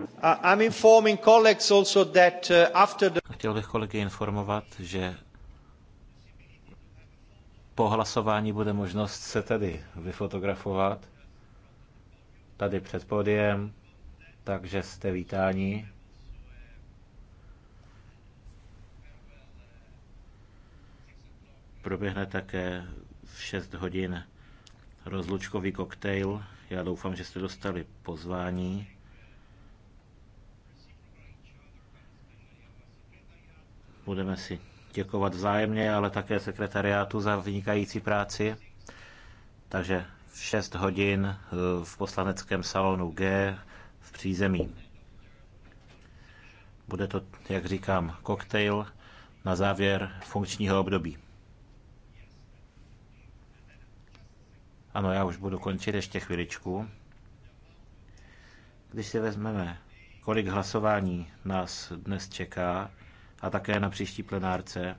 Uh, uh, Chtěl bych kolegy informovat, že po hlasování bude možnost se tady vyfotografovat, tady před podiem, takže jste vítáni. Proběhne také v 6 hodin rozlučkový koktejl. Já doufám, že jste dostali pozvání. Budeme si děkovat vzájemně, ale také sekretariátu za vynikající práci. Takže v 6 hodin eh, v poslaneckém salonu G v přízemí. Bude to, jak říkám, koktejl na závěr funkčního období. Ano, já už budu končit ještě chviličku. Když si vezmeme, kolik hlasování nás dnes čeká, a také na příští plenárce.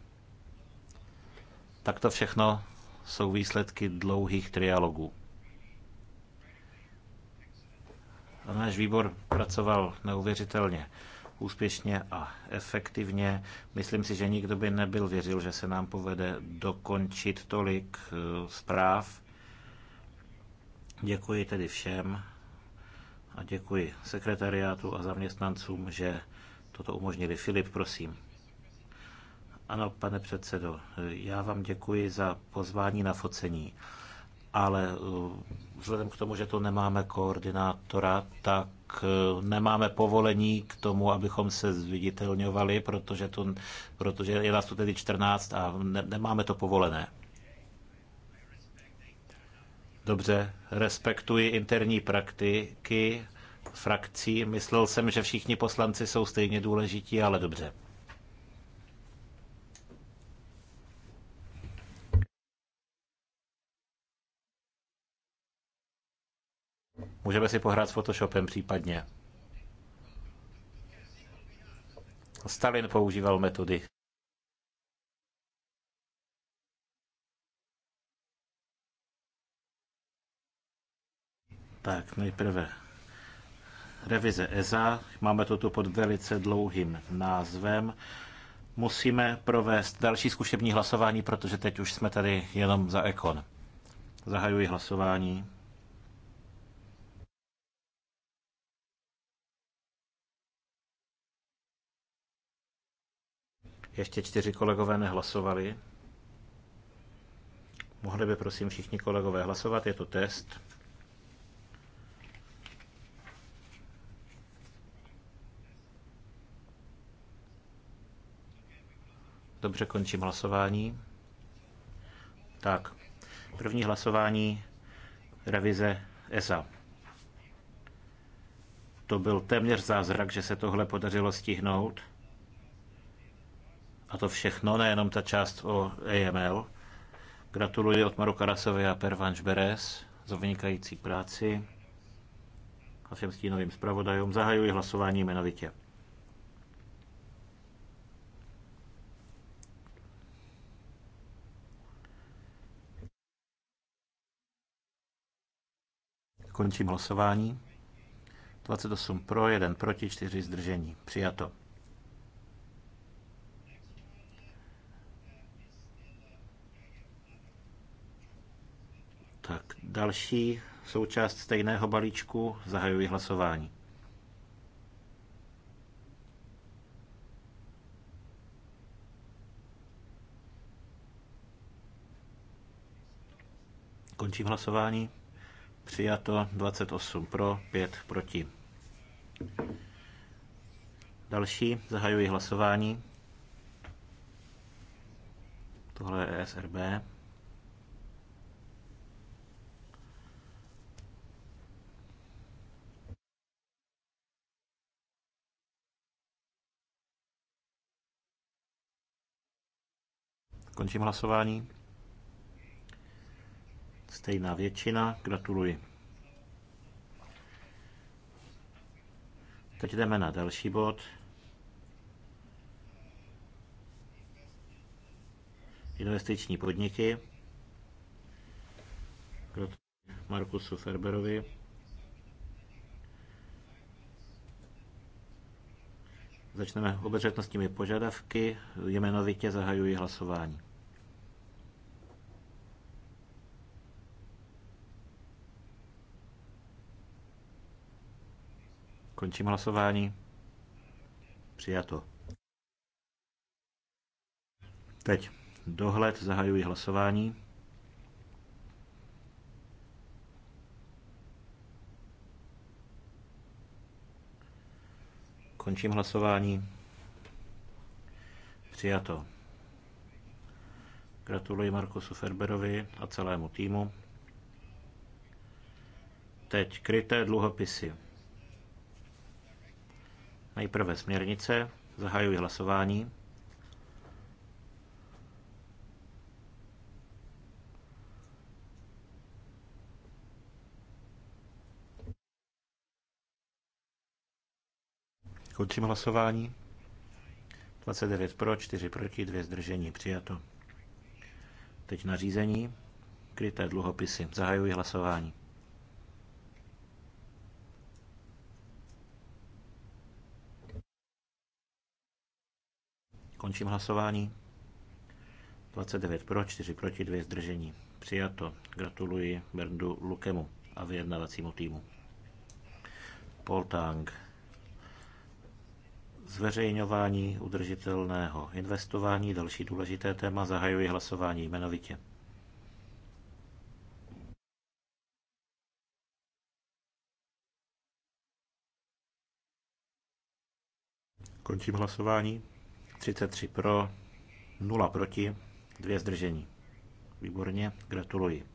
Tak to všechno jsou výsledky dlouhých trialogů. A náš výbor pracoval neuvěřitelně úspěšně a efektivně. Myslím si, že nikdo by nebyl věřil, že se nám povede dokončit tolik eh, zpráv. Děkuji tedy všem a děkuji sekretariátu a zaměstnancům, že toto umožnili. Filip, prosím. Ano, pane předsedo, já vám děkuji za pozvání na focení, ale uh, vzhledem k tomu, že to nemáme koordinátora, tak uh, nemáme povolení k tomu, abychom se zviditelňovali, protože, to protože je nás tu tedy 14 a ne, nemáme to povolené. Dobře, respektuji interní praktiky frakcí. Myslel jsem, že všichni poslanci jsou stejně důležití, ale dobře. Můžeme si pohrát s Photoshopem případně. Stalin používal metody. Tak, nejprve revize EZA. Máme to tu pod velice dlouhým názvem. Musíme provést další zkušební hlasování, protože teď už jsme tady jenom za ekon. Zahajuji hlasování. Ještě čtyři kolegové nehlasovali. Mohli by prosím všichni kolegové hlasovat, je to test. Dobře, končím hlasování. Tak, první hlasování revize ESA. To byl téměř zázrak, že se tohle podařilo stihnout. A to všechno, nejenom ta část o AML. Gratuluji od Maru Karasovi a Pervanš Beres za vynikající práci a všem stínovým zpravodajům. Zahajuji hlasování jmenovitě. Končím hlasování. 28 pro, 1 proti, 4 zdržení. Přijato. Další součást stejného balíčku zahajuji hlasování. Končím hlasování. Přijato 28 pro, 5 proti. Další, zahajuji hlasování. Tohle je ESRB. Končím hlasování. Stejná většina. Gratuluji. Teď jdeme na další bod. Investiční podniky. Gratuluji Markusu Ferberovi. Začneme obezřetnostními požadavky. Jmenovitě zahajuji hlasování. Končím hlasování. Přijato. Teď dohled, zahajuji hlasování. Končím hlasování. Přijato. Gratuluji Markusu Ferberovi a celému týmu. Teď kryté dluhopisy. Nejprve směrnice. Zahajuji hlasování. Končím hlasování. 29 pro, 4 proti, 2 zdržení. Přijato. Teď na řízení. Kryté dluhopisy. Zahajuji hlasování. Končím hlasování. 29 pro, 4 proti, 2 zdržení. Přijato. Gratuluji Berndu Lukemu a vyjednavacímu týmu. Paul Tang. Zveřejňování udržitelného investování, další důležité téma, zahajuji hlasování jmenovitě. Končím hlasování. 33 pro, 0 proti, 2 zdržení. Výborně, gratuluji.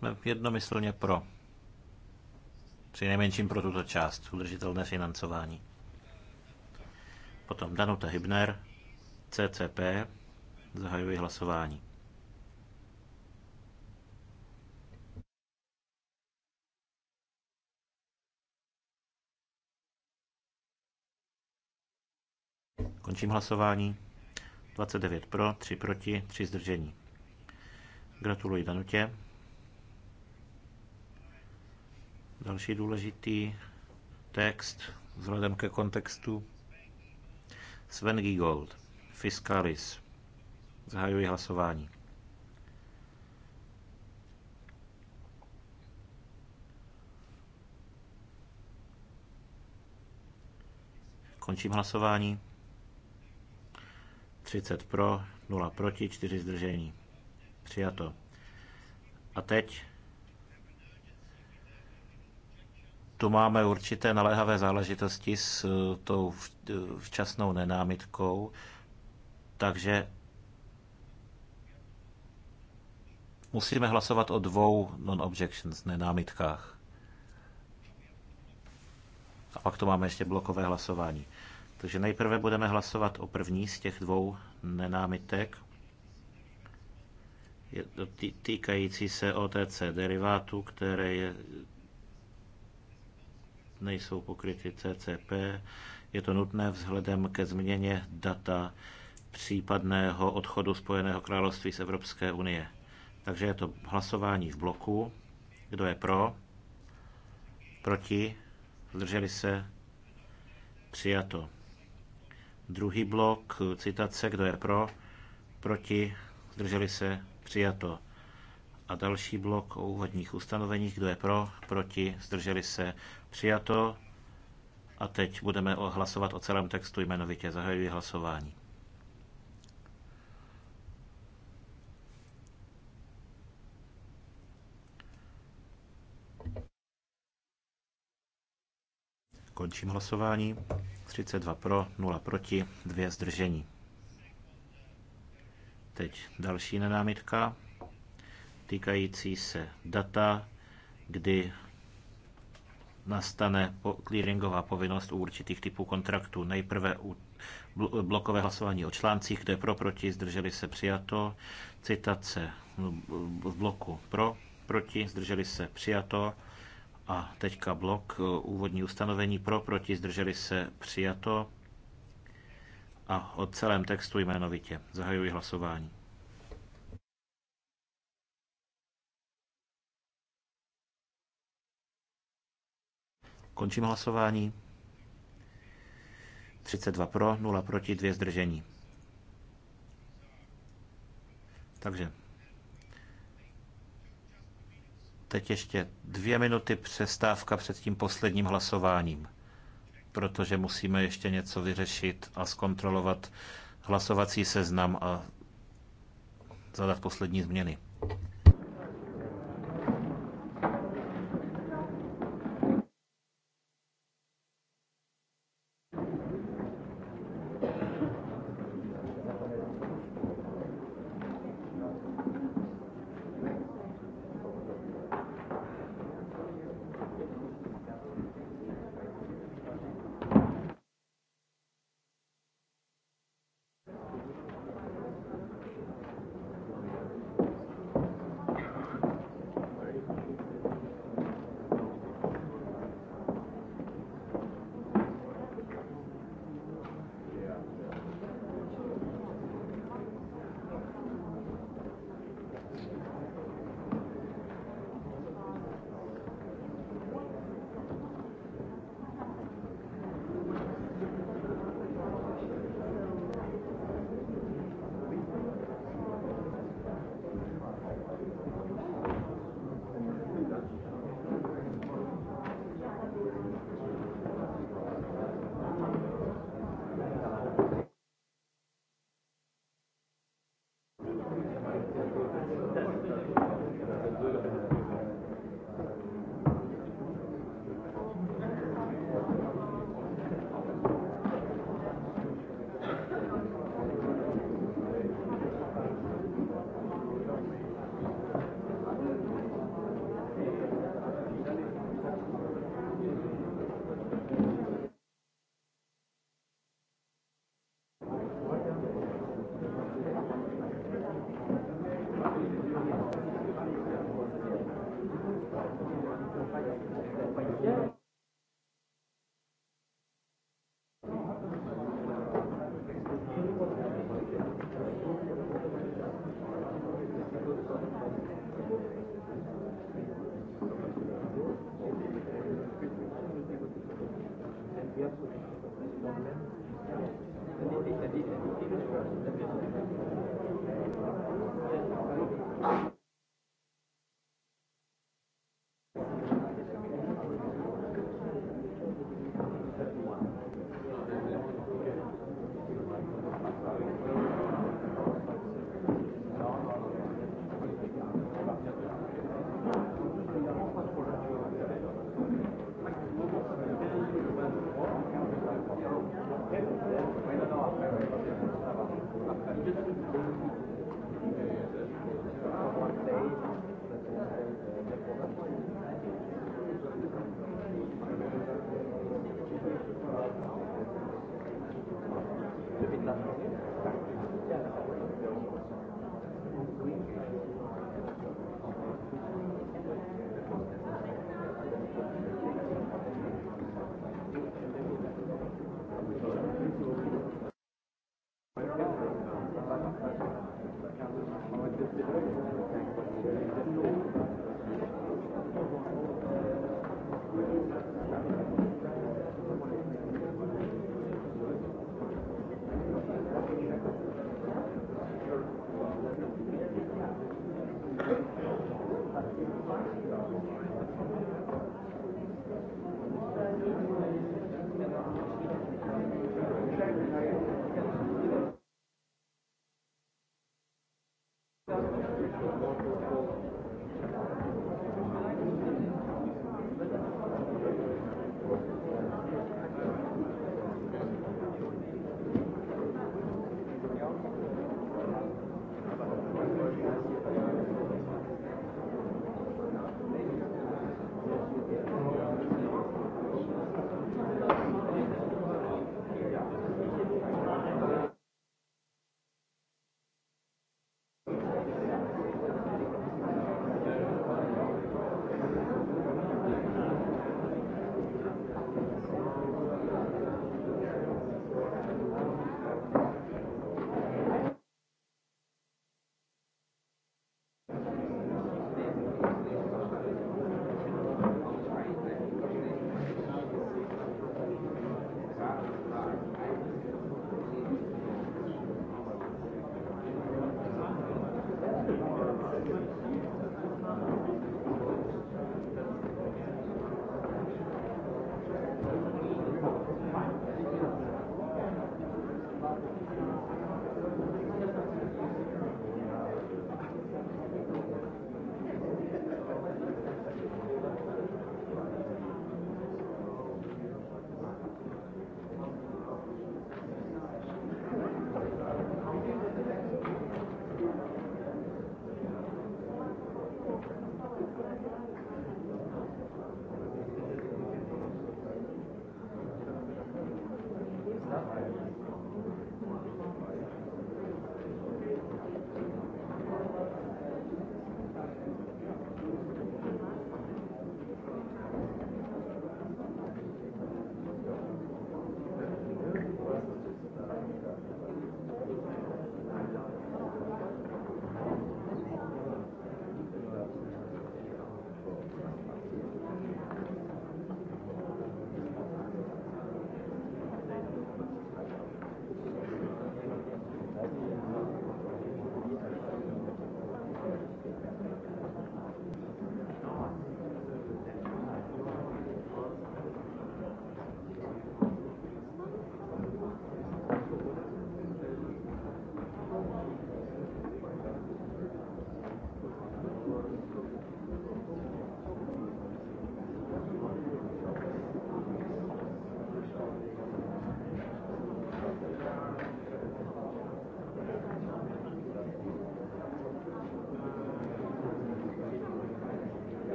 jsme jednomyslně pro. Při nejmenším pro tuto část, udržitelné financování. Potom Danuta Hybner, CCP, zahajuji hlasování. Končím hlasování. 29 pro, 3 proti, 3 zdržení. Gratuluji Danutě. Další důležitý text vzhledem ke kontextu. Sven Giegold, Fiscalis. Zahajuji hlasování. Končím hlasování. 30 pro, 0 proti, 4 zdržení. Přijato. A teď tu máme určité naléhavé záležitosti s eh, tou eh, včasnou nenámitkou, takže musíme hlasovat o dvou non-objections, nenámitkách. A pak tu máme ještě blokové hlasování. Takže nejprve budeme hlasovat o první z těch dvou nenámitek, týkající se OTC derivátu, které je nejsou pokryty CCP. Je to nutné vzhledem ke změně data případného odchodu Spojeného království z Evropské unie. Takže je to hlasování v bloku. Kdo je pro? Proti? Zdrželi se? Přijato. Druhý blok, citace, kdo je pro? Proti? Zdrželi se? Přijato. A další blok o úvodních ustanoveních, kdo je pro, proti, zdrželi se, přijato. A teď budeme hlasovat o celém textu jmenovitě. Zahajuji hlasování. Končím hlasování. 32 pro, 0 proti, 2 zdržení. Teď další nenámitka týkající se data, kdy nastane clearingová povinnost u určitých typů kontraktů. Nejprve u blokové hlasování o článcích, kde pro, proti, zdrželi se přijato, citace v bloku pro, proti, zdrželi se přijato a teďka blok e, úvodní ustanovení pro, proti, zdrželi se přijato a o celém textu jmenovitě. Zahajuji hlasování. Končím hlasování. 32 pro, 0 proti, 2 zdržení. Takže teď ještě dvě minuty přestávka před tím posledním hlasováním, protože musíme ještě něco vyřešit a zkontrolovat hlasovací seznam a zadat poslední změny.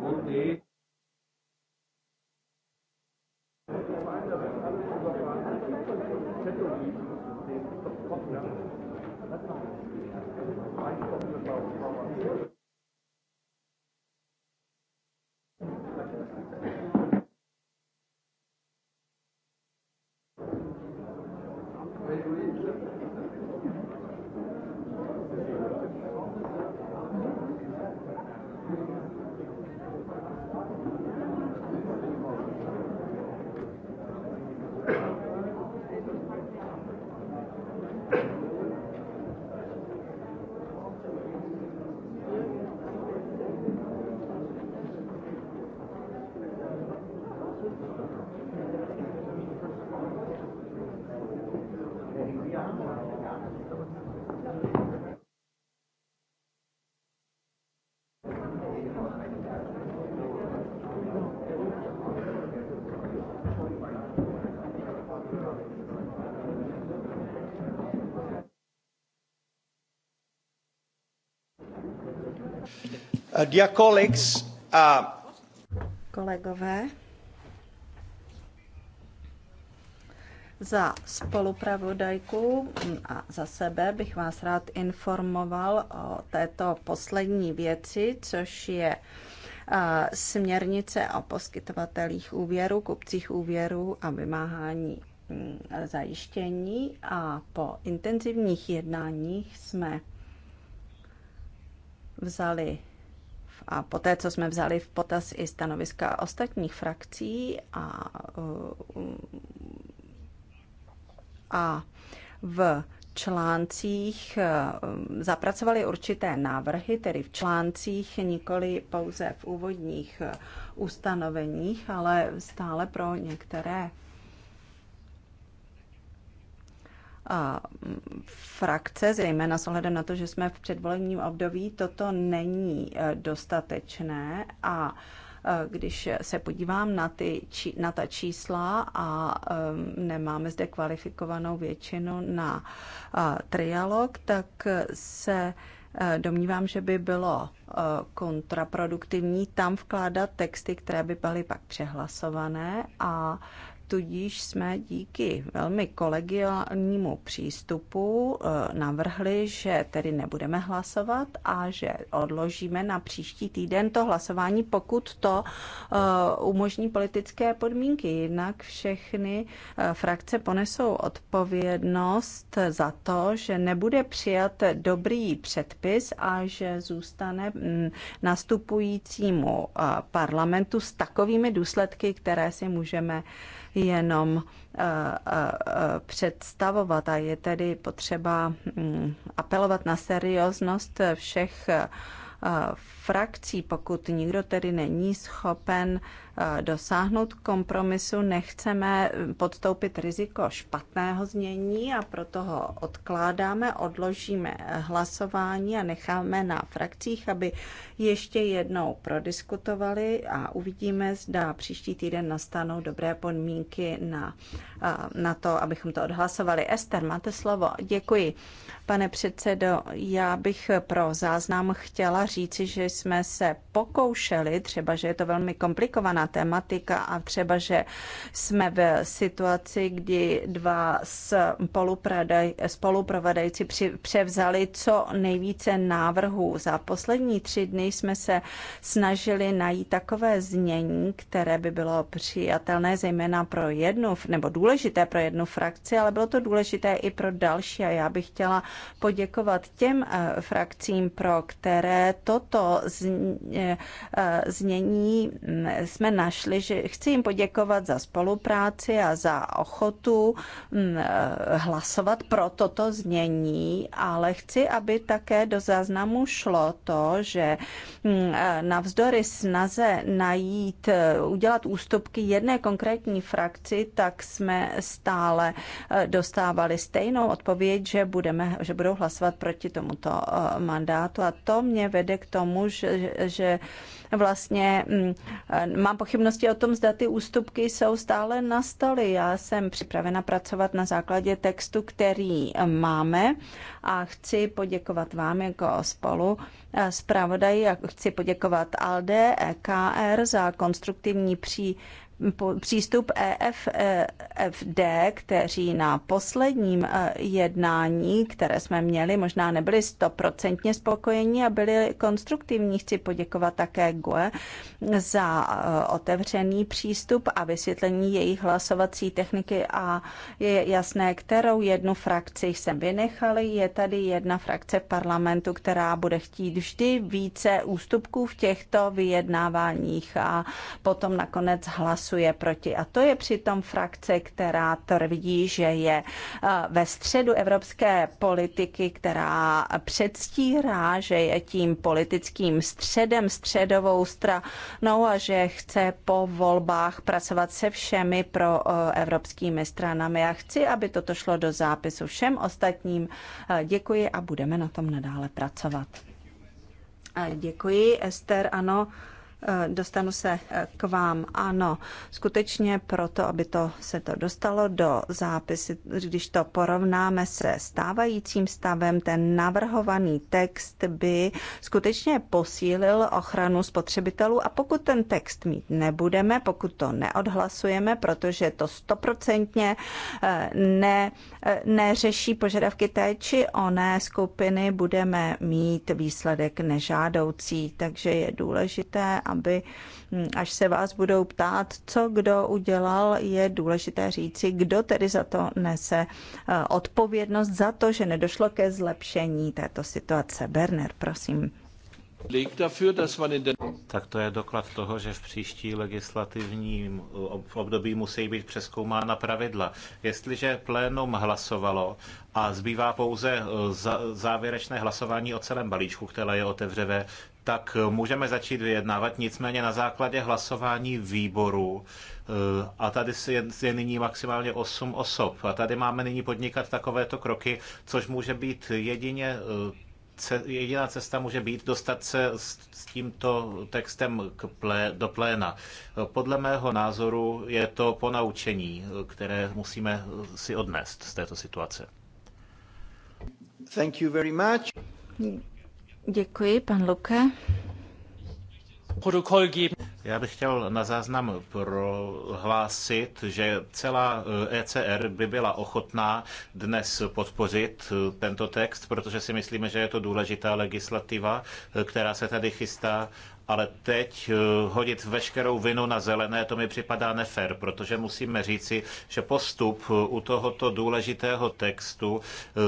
Good day. Dear colleagues, uh... Kolegové, Za spolupravodajku a za sebe bych vás rád informoval o této poslední věci, což je směrnice o poskytovatelích úvěru, kupcích úvěru a vymáhání mm, zajištění a po intenzivních jednáních jsme vzali a poté, co jsme vzali v potaz i stanoviska ostatních frakcí a a v článcích eh, zapracovali určité návrhy, tedy v článcích, nikoli pouze v úvodních eh, ustanoveních, ale stále pro některé eh, frakce, zejména s ohledem na to, že jsme v předvolebním období, toto není dostatečné a Eh, když se podívám na, ty, na ta čísla a nemáme zde kvalifikovanou většinu na eh, trialog, tak se eh, domnívám, že by bylo kontraproduktivní tam vkládat texty, které by byly pak přehlasované a Tudíž jsme díky velmi kolegiálnímu přístupu eh, navrhli, že tedy nebudeme hlasovat a že odložíme na příští týden to hlasování, pokud to eh, umožní politické podmínky. Jinak všechny eh, frakce ponesou odpovědnost za to, že nebude přijat dobrý předpis a že zůstane mm, nastupujícímu parlamentu s takovými důsledky, které si můžeme jenom eh, eh, představovat a je tedy potřeba mm, apelovat na serióznost všech eh, frakcí, pokud nikdo tedy není schopen dosáhnout kompromisu, nechceme podstoupit riziko špatného znění a proto ho odkládáme, odložíme hlasování a necháme na frakcích, aby ještě jednou prodiskutovali a uvidíme, zda příští týden nastanou dobré podmínky na, na to, abychom to odhlasovali. Ester, máte slovo. Děkuji. Pane předsedo, já bych pro záznam chtěla říci, že jsme se pokoušeli, třeba, že je to velmi komplikovaná tematika a třeba, že jsme v situaci, kdy dva spoluprovedající převzali co nejvíce návrhů. Za poslední tři dny jsme se snažili najít takové znění, které by bylo přijatelné zejména pro jednu, nebo důležité pro jednu frakci, ale bylo to důležité i pro další a já bych chtěla poděkovat těm eh, frakcím, pro které toto eh, znění mm, jsme našli, že chci jim poděkovat za spolupráci a za ochotu mm, eh, hlasovat pro toto znění, ale chci, aby také do záznamu šlo to, že mm, eh, navzdory snaze najít, udělat ústupky jedné konkrétní frakci, tak jsme stále dostávali stejnou odpověď, že, budeme, že budou hlasovat proti tomuto mandátu. A to mě vede vede k tomu, že, že vlastně mm, eh, mám pochybnosti o tom, zda ty ústupky jsou stále nastaly. Já jsem připravena pracovat na základě textu, který eh, máme a chci poděkovat vám jako spolu eh, zpravodaji a chci poděkovat ALDE, EKR za konstruktivní pří přístup EFD, e kteří na posledním e, jednání, které jsme měli, možná nebyli stoprocentně spokojeni a byli konstruktivní. Chci poděkovat také GUE za e, otevřený přístup a vysvětlení jejich hlasovací techniky a je jasné, kterou jednu frakci jsem vynechali. Je tady jedna frakce v parlamentu, která bude chtít vždy více ústupků v těchto vyjednáváních a potom nakonec hlas hlasuje proti. A to je přitom frakce, která tvrdí, že je eh, ve středu evropské politiky, která předstírá, že je tím politickým středem, středovou stranou a že chce po volbách pracovat se všemi pro eh, evropskými stranami. Já chci, aby toto šlo do zápisu všem ostatním. Eh, děkuji a budeme na tom nadále pracovat. Děkuji, Ester. Ano, Eh, dostanu se eh, k vám. Ano, skutečně proto, aby to se to dostalo do zápisy, když to porovnáme se stávajícím stavem, ten navrhovaný text by skutečně posílil ochranu spotřebitelů a pokud ten text mít nebudeme, pokud to neodhlasujeme, protože to stoprocentně eh, ne, neřeší požadavky té či oné skupiny, budeme mít výsledek nežádoucí, takže je důležité, aby hm, až se vás budou ptát, co kdo udělal, je důležité říci, kdo tedy za to nese eh, odpovědnost za to, že nedošlo ke zlepšení této situace. Berner, prosím. Tak to je doklad toho, že v příští legislativním eh, období musí být přeskoumána pravidla. Jestliže plénum hlasovalo a zbývá pouze e, závěrečné hlasování o celém balíčku, které je otevřené, tak e, můžeme začít vyjednávat, nicméně na základě hlasování výboru e, a tady je nyní maximálně 8 osob a tady máme nyní podnikat takovéto kroky, což může být jedině jediná cesta může být dostat se s, tímto textem k plé, do pléna. Podle mého názoru je to ponaučení, které musíme si odnést z této situace. Thank you very much. Děkuji, pan Luke. Protokol Já bych chtěl na záznam prohlásit, že celá ECR eh, e by byla ochotná dnes podpořit eh, tento text, protože si myslíme, že je to důležitá legislativa, eh, která se tady chystá ale teď eh, hodit veškerou vinu na zelené, to mi připadá nefér, protože musíme říci, že postup eh, u tohoto důležitého textu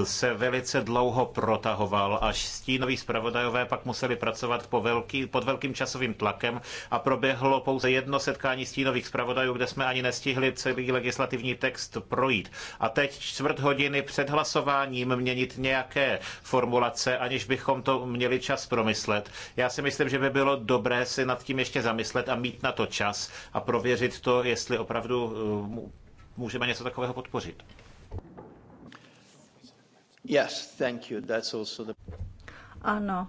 eh, se velice dlouho protahoval, až stínoví zpravodajové pak museli pracovat po velký, pod velkým časovým tlakem a proběhlo pouze jedno setkání stínových zpravodajů, kde jsme ani nestihli celý legislativní text projít. A teď čtvrt hodiny před hlasováním měnit nějaké formulace, aniž bychom to měli čas promyslet. Já si myslím, že by bylo dobré si nad tím ještě zamyslet a mít na to čas a prověřit to, jestli opravdu eh, můžeme něco takového podpořit. Yes, thank you. That's also the... Ano,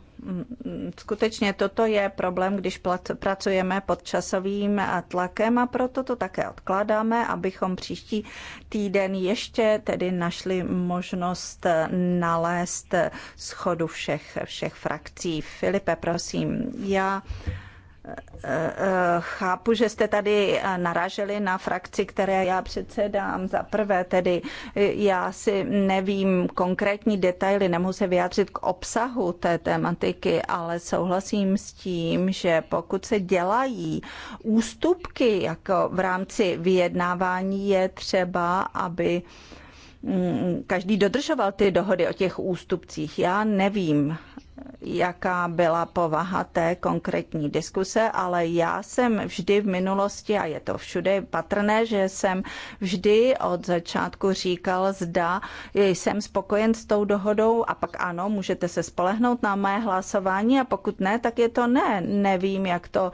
skutečně toto je problém, když pracujeme pod časovým tlakem a proto to také odkládáme, abychom příští týden ještě tedy našli možnost e, nalézt e, schodu všech, všech frakcí. Filipe, prosím, já Chápu, že jste tady naraželi na frakci, které já předsedám. Za prvé tedy já si nevím konkrétní detaily, nemohu se vyjádřit k obsahu té tematiky, ale souhlasím s tím, že pokud se dělají ústupky jako v rámci vyjednávání, je třeba, aby mm, každý dodržoval ty dohody o těch ústupcích. Já nevím, jaká byla povaha té konkrétní diskuse, ale já jsem vždy v minulosti, a je to všude patrné, že jsem vždy od začátku říkal, zda jsem spokojen s tou dohodou a pak ano, můžete se spolehnout na mé hlasování a pokud ne, tak je to ne. Nevím, jak to,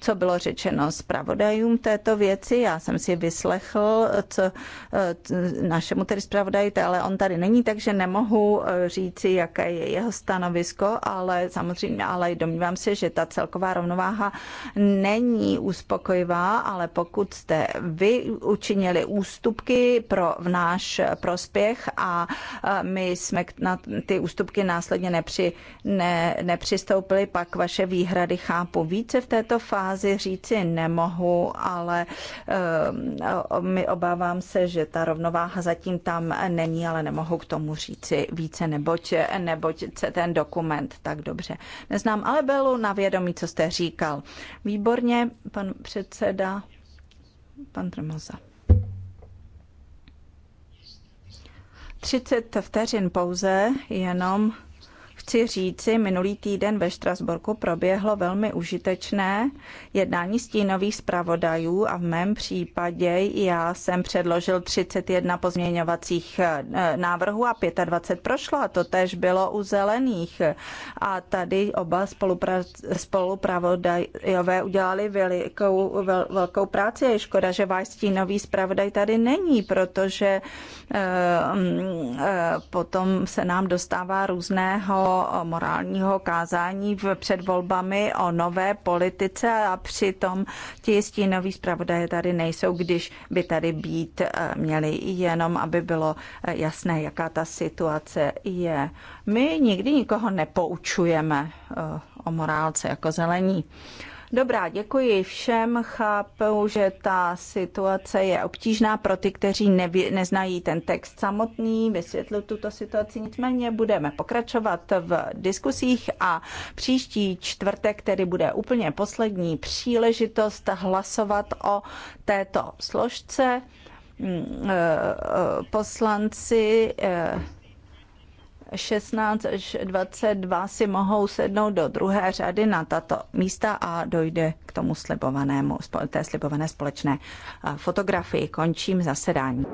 co bylo řečeno zpravodajům této věci. Já jsem si vyslechl, co eh, našemu tedy zpravodaji, ale on tady není, takže nemohu eh, říci, jaké je jeho stanovisko Rusko, ale samozřejmě, ale domnívám se, že ta celková rovnováha není uspokojivá, ale pokud jste vy učinili ústupky pro v náš prospěch a my jsme na ty ústupky následně nepři, ne, nepřistoupili, pak vaše výhrady chápu. Více v této fázi říci nemohu, ale eh, my obávám se, že ta rovnováha zatím tam není, ale nemohu k tomu říci více, neboť, neboť se ten dokument moment tak dobře neznám, ale Belu na vědomí, co jste říkal. Výborně, pan předseda, pan Tremoza. 30 vteřin pouze, jenom chci říci, minulý týden ve Štrasborku proběhlo velmi užitečné jednání stínových zpravodajů a v mém případě já jsem předložil 31 pozměňovacích eh, návrhů a 25 prošlo a to tež bylo u zelených. A tady oba spolupravodajové udělali velikou, vel, velkou práci. Je škoda, že váš stínový zpravodaj tady není, protože eh, mm, eh, potom se nám dostává různého morálního kázání v před volbami o nové politice a přitom ti noví zpravodaje tady nejsou, když by tady být eh, měli jenom, aby bylo eh, jasné, jaká ta situace je. My nikdy nikoho nepoučujeme eh, o morálce jako zelení. Dobrá, děkuji všem. Chápu, že ta situace je obtížná pro ty, kteří nevě, neznají ten text samotný, Vysvětlu tuto situaci. Nicméně budeme pokračovat v diskusích a příští čtvrtek, který bude úplně poslední příležitost hlasovat o této složce. Mm, eh, eh, poslanci eh, 16 až 22 si mohou sednout do druhé řady na tato místa a dojde k tomu slibovanému, té slibované společné eh, fotografii. Končím zasedání.